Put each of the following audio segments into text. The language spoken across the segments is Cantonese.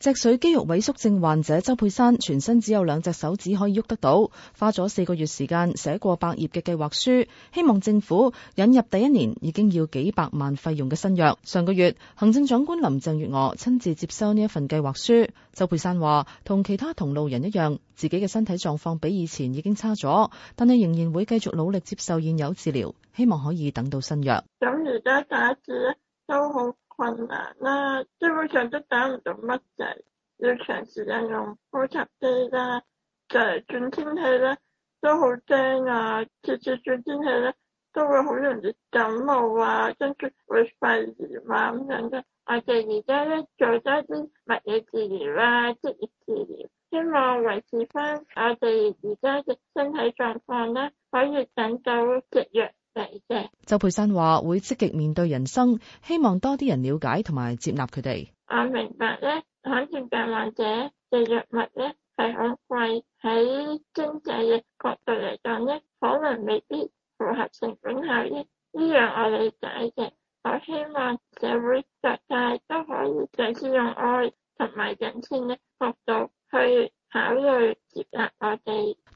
脊髓肌肉萎縮症患者周佩珊，全身只有兩隻手指可以喐得到，花咗四個月時間寫過百頁嘅計劃書，希望政府引入第一年已經要幾百萬費用嘅新藥。上個月，行政長官林鄭月娥親自接收呢一份計劃書。周佩珊話，同其他同路人一樣，自己嘅身體狀況比以前已經差咗，但係仍然會繼續努力接受現有治療，希望可以等到新藥。咁而家打字都好困難啦、啊，基本上都打唔到乜滯，要長時間用呼吸機啦。就係轉天氣咧，都好驚啊！次次轉天氣咧，都會好容易感冒啊，跟住會肺炎啊咁樣嘅。我哋而家咧做多啲物理治療啦、啊、職業治療，希望維持翻我哋而家嘅身體狀況咧，可以減少食藥。周佩珊話會積極面對人生，希望多啲人了解同埋接納佢哋。我明白咧，罕見病患者嘅藥物咧係好貴，喺經濟嘅角度嚟講，咧可能未必符合成本效益。呢樣我理解嘅，我希望社會各界都可以嘗試用愛同埋人性嘅角度去考慮。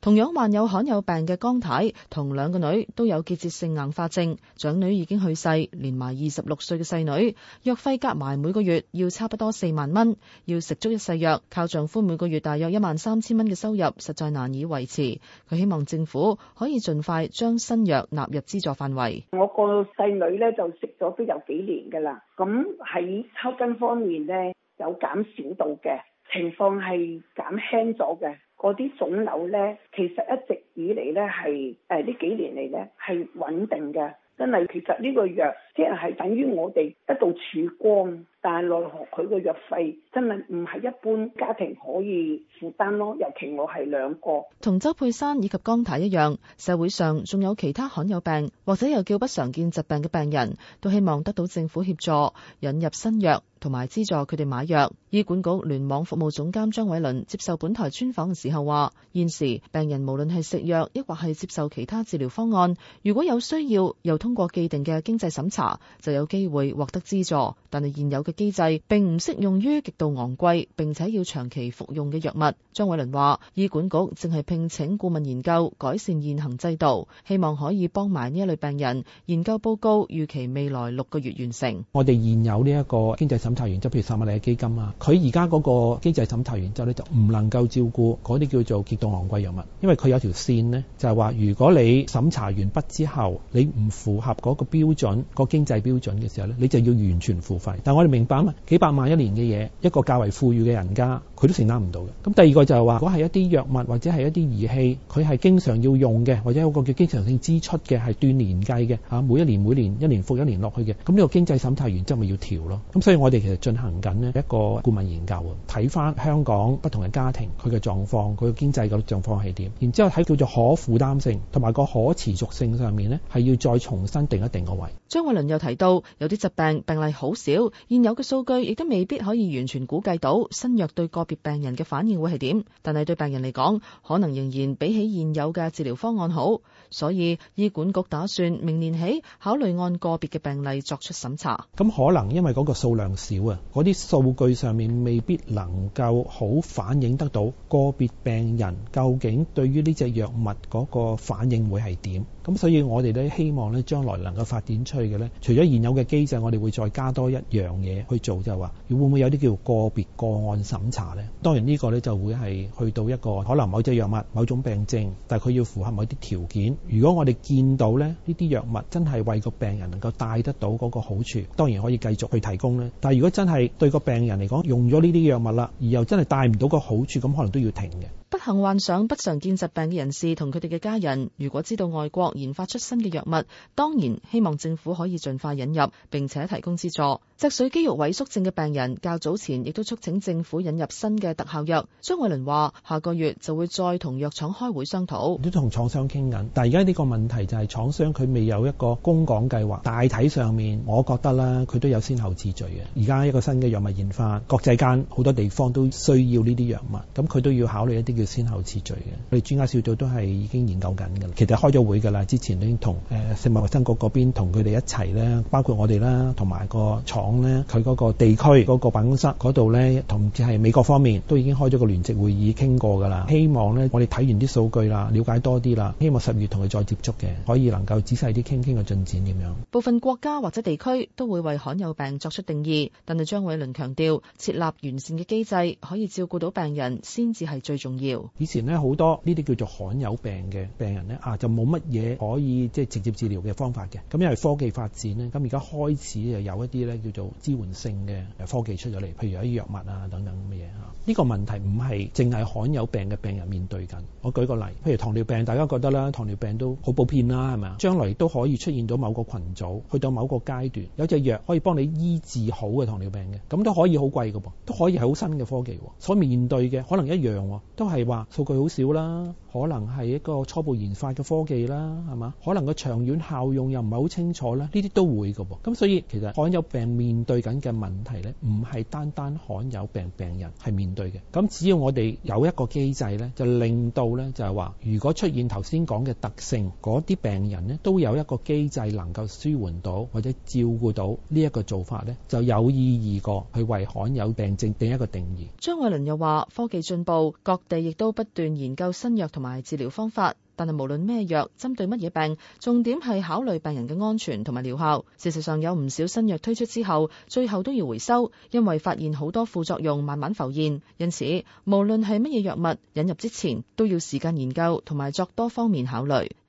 同樣患有罕有病嘅江太同兩個女都有結節性硬化症，長女已經去世，連埋二十六歲嘅細女，藥費夾埋每個月要差不多四萬蚊，要食足一世藥，靠丈夫每個月大約一萬三千蚊嘅收入，實在難以維持。佢希望政府可以盡快將新藥納入資助範圍。我個細女咧就食咗都有幾年噶啦，咁喺抽筋方面呢，有減少到嘅。情況係減輕咗嘅，嗰啲腫瘤咧，其實一直以嚟咧係誒呢幾年嚟咧係穩定嘅，但係其實呢個藥即係等於我哋一度曙光。但奈何佢嘅藥費真係唔係一般家庭可以負擔咯，尤其我係兩個。同周佩珊以及江太一樣，社會上仲有其他罕有病或者又叫不常見疾病嘅病人，都希望得到政府協助引入新藥同埋資助佢哋買藥。醫管局聯網服務總監張偉麟接受本台專訪嘅時候話，現時病人無論係食藥抑或係接受其他治療方案，如果有需要又通過既定嘅經濟審查，就有機會獲得資助。但係現有嘅。機制並唔適用於極度昂貴並且要長期服用嘅藥物。張偉麟話：醫管局正係聘請顧問研究改善現行制度，希望可以幫埋呢一類病人。研究報告預期未來六個月完成。我哋現有呢一個經濟審查原則，即譬如薩瑪利亞基金啊，佢而家嗰個機制審查員之後經濟審查原則咧就唔能夠照顧嗰啲叫做極度昂貴藥物，因為佢有條線咧就係話，如果你審查完畢之後你唔符合嗰個標準、個經濟標準嘅時候咧，你就要完全付費。但我哋明。百萬幾百萬一年嘅嘢，一個較為富裕嘅人家佢都承擔唔到嘅。咁第二個就係、是、話，如果係一啲藥物或者係一啲儀器，佢係經常要用嘅，或者有一個叫經常性支出嘅，係斷年計嘅，嚇每一年每年一年復一年落去嘅。咁、這、呢個經濟審查原則咪要調咯。咁所以我哋其實進行緊咧一個顧問研究，睇翻香港不同嘅家庭佢嘅狀況，佢嘅經濟嘅狀況係點。然之後睇叫做可負擔性同埋個可持續性上面咧，係要再重新定一定個位。張偉麟又提到，有啲疾病病例好少，現有。個數據亦都未必可以完全估計到新藥對個別病人嘅反應會係點，但係對病人嚟講，可能仍然比起現有嘅治療方案好。所以醫管局打算明年起考慮按個別嘅病例作出審查。咁可能因為嗰個數量少啊，嗰啲數據上面未必能夠好反映得到個別病人究竟對於呢隻藥物嗰個反應會係點。咁所以我呢，我哋咧希望咧，將來能夠發展出去嘅咧，除咗現有嘅機制，我哋會再加多一樣嘢去做就，就係話會唔會有啲叫個別個案審查咧？當然個呢個咧就會係去到一個可能某隻藥物、某種病症，但係佢要符合某啲條件。如果我哋見到咧呢啲藥物真係為個病人能夠帶得到嗰個好處，當然可以繼續去提供咧。但係如果真係對個病人嚟講用咗呢啲藥物啦，而又真係帶唔到個好處，咁可能都要停嘅。不幸患上不常見疾病嘅人士同佢哋嘅家人，如果知道外國。研發出新嘅藥物，當然希望政府可以盡快引入，並且提供資助。脊髓肌肉萎縮症嘅病人較早前亦都促請政府引入新嘅特效藥。張偉麟話：下個月就會再同藥廠開會商討，都同廠商傾緊。但係而家呢個問題就係廠商佢未有一個供港計劃。大體上面，我覺得啦，佢都有先後次序嘅。而家一個新嘅藥物研發，國際間好多地方都需要呢啲藥物，咁佢都要考慮一啲叫先後次序嘅。我哋專家小組都係已經研究緊㗎啦，其實開咗會㗎啦。之前都已經同誒食物衞生局嗰邊同佢哋一齊咧，包括我哋啦，同埋個廠。咧佢嗰個地區嗰個辦公室嗰度咧，同即係美國方面都已經開咗個聯席會議傾過噶啦。希望咧我哋睇完啲數據啦，了解多啲啦。希望十月同佢再接觸嘅，可以能夠仔細啲傾傾個進展咁樣。部分國家或者地區都會為罕有病作出定義，但係張偉麟強調，設立完善嘅機制可以照顧到病人先至係最重要。以前呢，好多呢啲叫做罕有病嘅病人咧啊，就冇乜嘢可以即係直接治療嘅方法嘅。咁因為科技發展呢，咁而家開始係有一啲咧叫做支援性嘅科技出咗嚟，譬如有啲藥物啊等等嘅嘢嚇，呢個問題唔係淨係罕有病嘅病人面對緊。我舉個例，譬如糖尿病，大家覺得啦，糖尿病都好普遍啦，係咪啊？將來都可以出現到某個群組，去到某個階段，有隻藥可以幫你醫治好嘅糖尿病嘅，咁都可以好貴噶噃，都可以係好新嘅科技，所面對嘅可能一樣，都係話數據好少啦。可能係一個初步研發嘅科技啦，係嘛？可能個長遠效用又唔係好清楚啦，呢啲都會嘅噃。咁所以其實罕有病面對緊嘅問題呢，唔係單單罕有病病人係面對嘅。咁只要我哋有一個機制呢，就令到呢，就係話，如果出現頭先講嘅特性，嗰啲病人呢，都有一個機制能夠舒緩到或者照顧到呢一個做法呢，就有意義過去為罕有病症定一個定義。張偉麟又話：科技進步，各地亦都不斷研究新藥同同埋治療方法，但係無論咩藥，針對乜嘢病，重點係考慮病人嘅安全同埋療效。事實上，有唔少新藥推出之後，最後都要回收，因為發現好多副作用慢慢浮現。因此，無論係乜嘢藥物引入之前，都要時間研究同埋作多方面考慮。